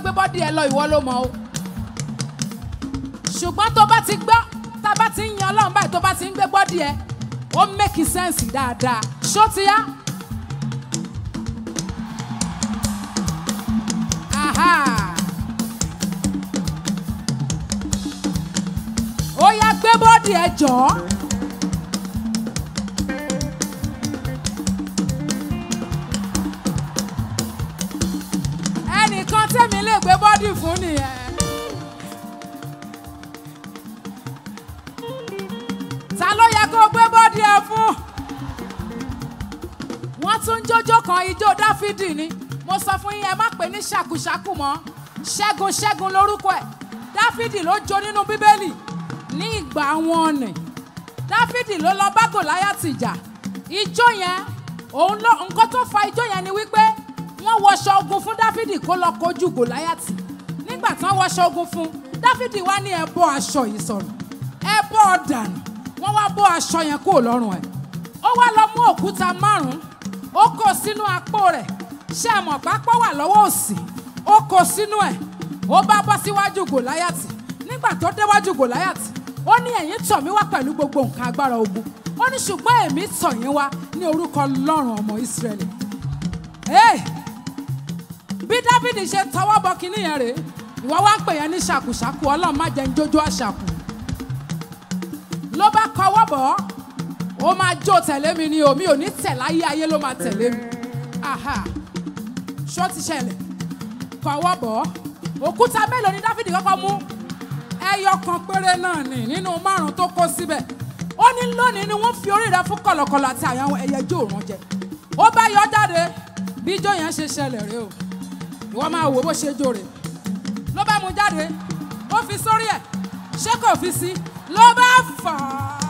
gbé bọ́dì ẹ lọ ìwọ ló mọ̀ o ṣùgbọ́n tó bá ti gbọ́ tá a bá ti ń yan ọlọ́run báyìí tó bá ti ń gbé bọ́dì ẹ ó mẹ́kì sẹ́ǹsì dáadáa ṣó ti yá. ó yá gbé bọ́dì ẹ jọ̀ọ́. jù fún nìyẹn. ta ló yẹ kó gbé bọ́dì ẹ fún. wọ́n tún jójó kan ijó dáfídì ni mo sọ fún yín ẹ má pè ní ṣàkúṣàkú mọ́ ṣẹ́gun ṣẹ́gun lórúkọ ẹ̀ dáfídì ló jó nínú bíbélì ní ìgbà wọn nì dáfídì ló lọ bá gòláyàtì jà ijó yẹn òun ló nǹkan tó fa ijó yẹn ni wípé wọ́n wọṣọ ogun fún dáfídì kó lọ kojú gòláyàtì nígbà tán wọṣọ ogun fún dáfídì wá ní ẹ bọ́ aṣọ yìí sọ̀rọ̀ ẹ bọ́ ọ dànù wọ́n wá bọ́ aṣọ yẹn kúrò lọ́rùn ẹ̀ ó wá lọ mú òkúta márùn-ún ó kó e sínú àpò rẹ̀ ṣé àmọ̀gbápọ̀ wà lọ́wọ́ òsì ó kó e sínú ẹ̀ ó bá bọ́ síwájú gòláyàtì nígbà tó déwájú gòláyàtì ó ní ẹ̀yin tọ̀ mí wá pẹ̀lú gbogbo nǹkan agbára ogun ó ní ṣùgbọ́n èmi tọ̀ yín wá ní orúkọ Ọlọ́run ọmọ Ísírẹ́lì bí Dáfídì ṣe tọwọ́ bọ kinní yẹn rèé ìwọ wá ń pè yẹn ní ṣàkùṣàkù ọlọ́run má jẹ́ jójó àṣàkù ló bá kọwọ́ bọ̀ ó máa jó tẹ̀lé mi ni omi ò ní tẹ̀lé ayé ayé ló máa tẹ̀lé mi ṣó ti ṣẹlẹ̀ kọwọ́ bọ̀ òkúta mélòó ni dáfídì kọ́kọ́ mú ẹyọ kan péré náà nì nínú márùn tó kó síbẹ̀ ó ní lónìí ni wọ́n fi orí rẹ̀ fún kọ̀lọ̀kọ̀lọ̀ àti àwọn ẹyẹ jó òrùn jẹ ó bá yọ jáde bí ijó yẹn ṣe ṣẹlẹ̀ rèé o ìwọ máa wò bó ṣe jó rèé ló bá mú jáde ó fi sórí ẹ̀ ṣé kò fi sí ló bá fà á.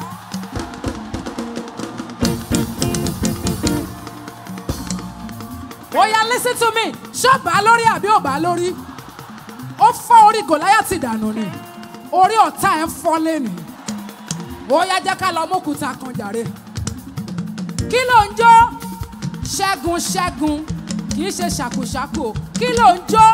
Oya listen to me ṣó bá lórí àbí ò bá lórí ó fọ́ orí Gòláyátì dànù ni orí ọ̀tá ẹ̀ ń fọ́ lẹ́nu oya jẹ́ ká lọ mókúta kan jàre kí ló ń jó ṣẹ́gun ṣẹ́gun kì í ṣe ṣàkóṣàkó kí ló ń jó.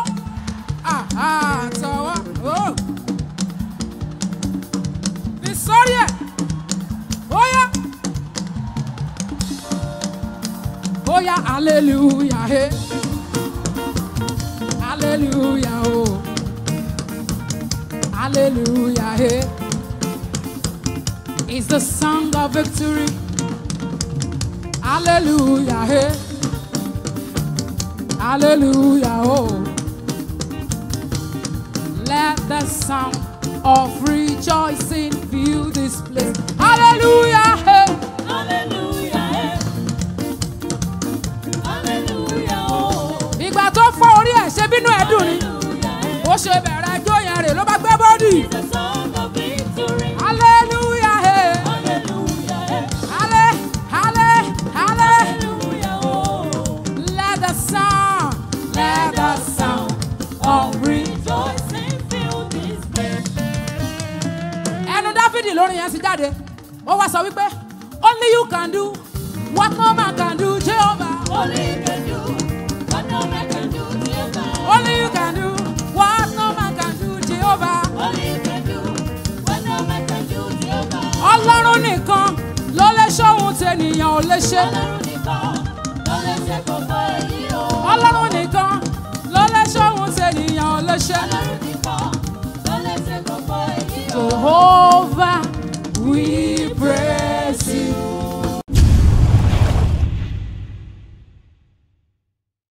Oh yeah, hallelujah, hey. Hallelujah, oh. Hallelujah, hey. It's the song of victory. Hallelujah, hey. Hallelujah, oh. Let the sound of rejoicing fill this place. Hallelujah. ṣe bẹ̀rẹ̀ ẹjọ́ rè ló gbé bọ́dì. hallelujah oh. let the let the of rejoicing fill this place. ẹnu dáfídì lórin yẹn ti jáde ó wá sọ wípé only you can do what no man can do Jehovah. only you can do. ò ọlọ́run nìkan ló lè ṣe ohun tènìyàn ò lè ṣe. ọlọ́run nìkan ló lè gbogbo èyí o.